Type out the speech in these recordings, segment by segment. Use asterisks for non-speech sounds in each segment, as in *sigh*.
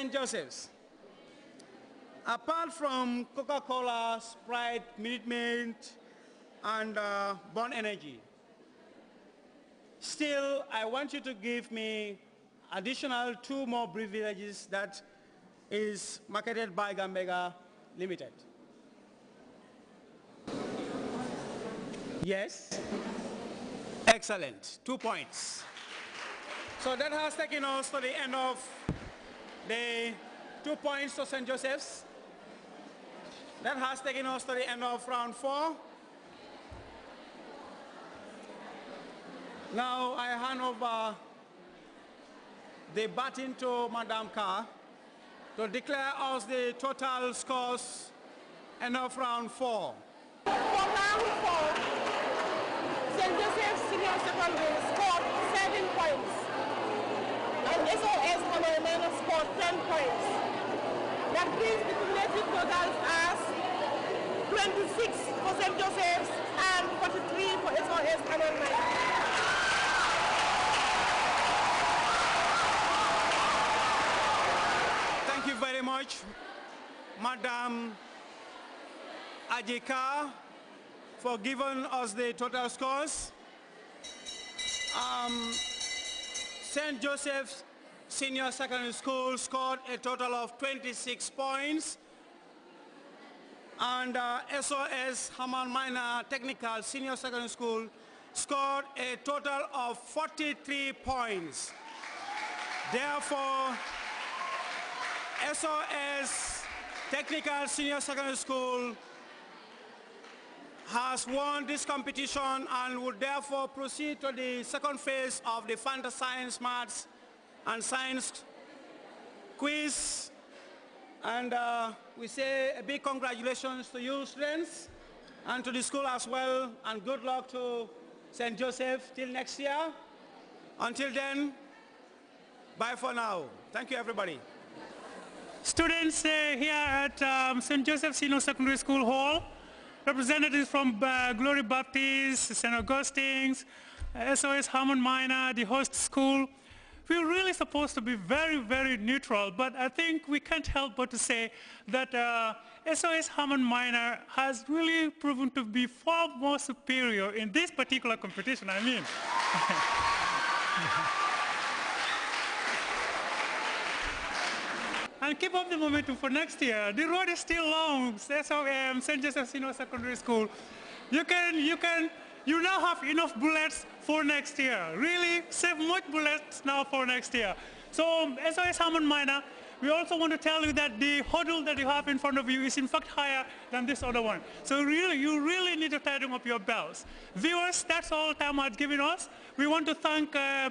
St. Joseph's. Apart from Coca-Cola, Sprite, Minute Maid, and uh, Energy, still I want you to give me additional two more privileges that is marketed by Gambega Limited. Yes? Excellent. Two points. So that has taken us to the end of two points to St. Joseph's. That has taken us to the end of round four. Now I hand over the baton to Madame Carr to declare us the total scores end of round four. For round four, St. Joseph's Senior Secondary scored seven points. SOS Common Humanos for 10 points. That brings the cumulative totals as 26 for St. Joseph's and 43 for SOS Common Thank you very much, Madam Ajika, for giving us the total scores. Um, St. Joseph's senior secondary school scored a total of 26 points and uh, SOS Haman Minor Technical Senior Secondary School scored a total of 43 points. Therefore, SOS Technical Senior Secondary School has won this competition and will therefore proceed to the second phase of the Fantasy Science Maths and science quiz. And uh, we say a big congratulations to you students and to the school as well. And good luck to St. Joseph till next year. Until then, bye for now. Thank you, everybody. Students uh, here at um, St. Joseph Senior Secondary School Hall, representatives from uh, Glory Baptist, St. Augustine's, SOS Hammond Minor, the host school, we're really supposed to be very, very neutral, but I think we can't help but to say that uh, SOS Hammond Minor has really proven to be far more superior in this particular competition, I mean. *laughs* and keep up the momentum for next year. The road is still long, SOM, St. Joseph's Senior Secondary School. You can, you can, you now have enough bullets for next year. Really, save much bullets now for next year. So SOS um, Hammond Minor, we also want to tell you that the hurdle that you have in front of you is in fact higher than this other one. So really, you really need to tighten up your belts. Viewers, that's all time has given us. We want to thank uh,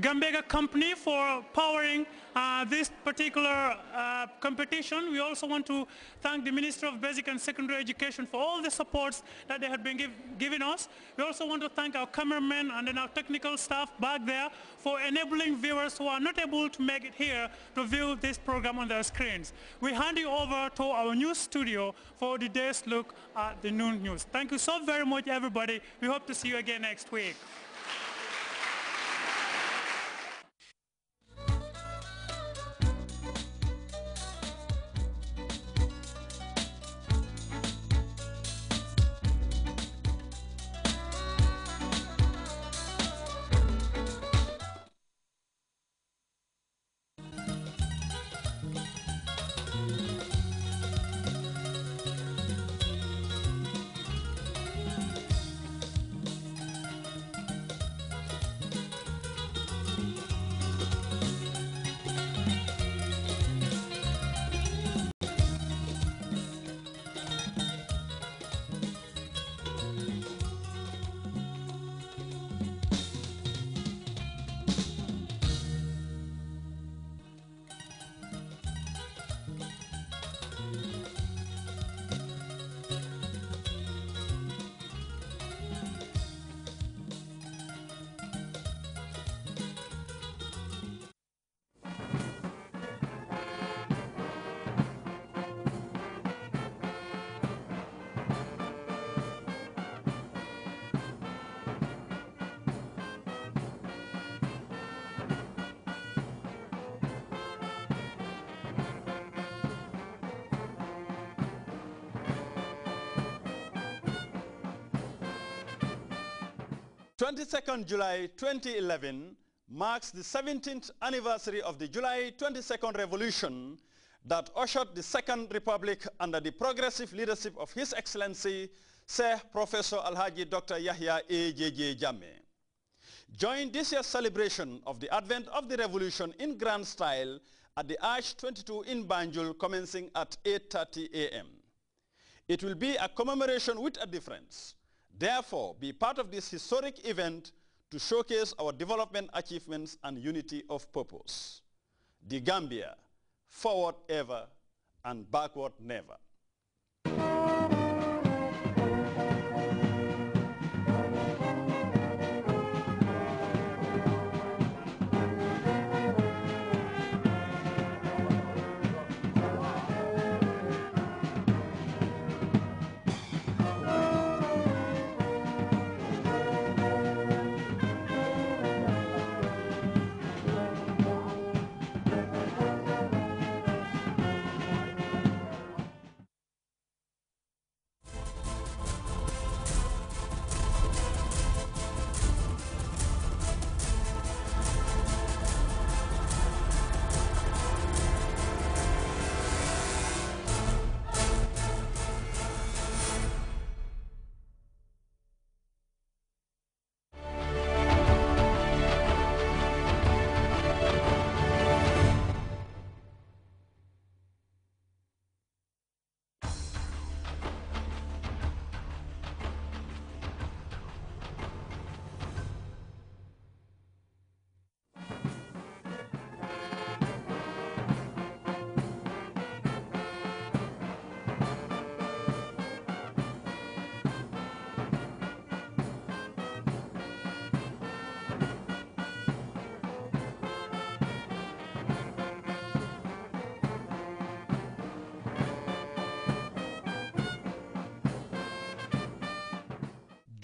Gambega company for powering uh, this particular uh, competition. We also want to thank the Minister of Basic and Secondary Education for all the supports that they have been give, giving us. We also want to thank our cameramen and then our technical staff back there for enabling viewers who are not able to make it here to view this program on their screens. We hand you over to our new studio for the day's look at the noon news. Thank you so very much, everybody. We hope to see you again next week. 22nd July 2011 marks the 17th anniversary of the July 22nd revolution that ushered the Second Republic under the progressive leadership of His Excellency Sir Professor Alhaji Dr. Yahya A.J.J. Jammeh. Join this year's celebration of the advent of the revolution in grand style at the Arch 22 in Banjul commencing at 8.30 a.m. It will be a commemoration with a difference therefore be part of this historic event to showcase our development achievements and unity of purpose. The Gambia, forward ever and backward never.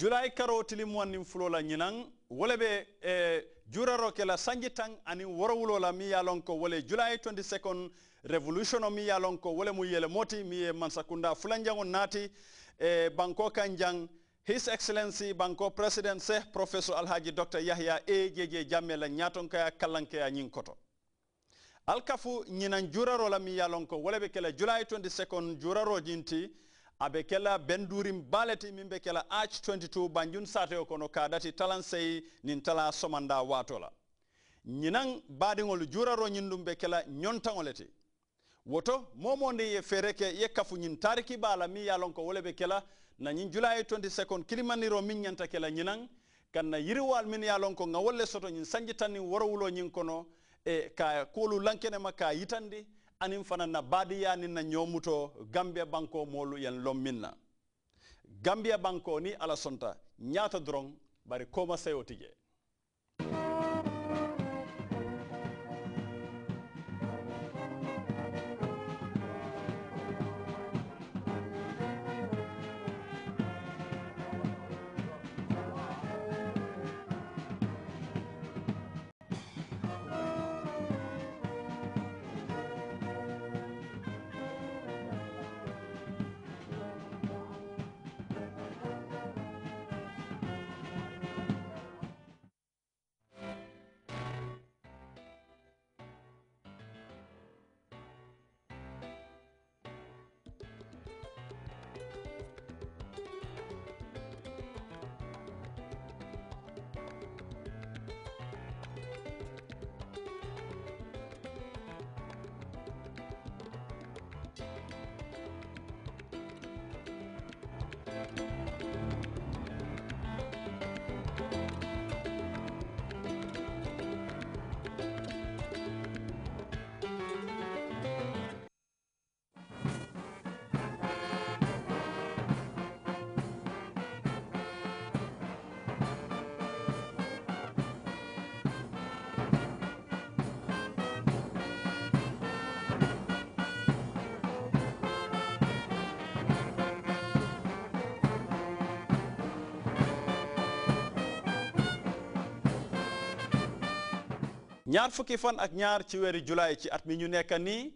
julay karotili muwannin fulola ñinan wole be eh, juraro ke la sanji tan ani worowulo la mi ye lon ko wole julay 22nd revolution o mi ye lon ko wole mu yele moti mi ye mansakunda fulanjango nati eh, banko kanjang His Excellency Banko President Seh Professor Alhaji Dr. Yahya A. J.J. Jamme la ñatonkaya kallankaya ñin koto. Alkafu ñinan juraro la mi ye lon ko wole be ke julay 22nd juraro jinti abe kela bendurim baleti min be kela arch 22 banjun sate kono ka dati talan nin tala somanda watola ñinan baadiŋolu juraro ñin ɗum be kela ñontaŋo le ti woto momonde ye fereke ye kafu nyin tariki bala mi ye ko wolebe be kela na nyin julaye 22 kilimaniro min ñanta kela ñinan kan na yiriwal min ye ko ngawolle soto nyin sanji tannin worowulo nyin kono e ka kuolu lankenema ka yitandi anin fana na baadiyanin na nyomuto gambia banko moolu yen lommin na gambia banko ni alasonta sonta drong bari koma sayo tije え ñaar fukki fan ak ñaar ci weeru julaay ci at mi ñu nekk nii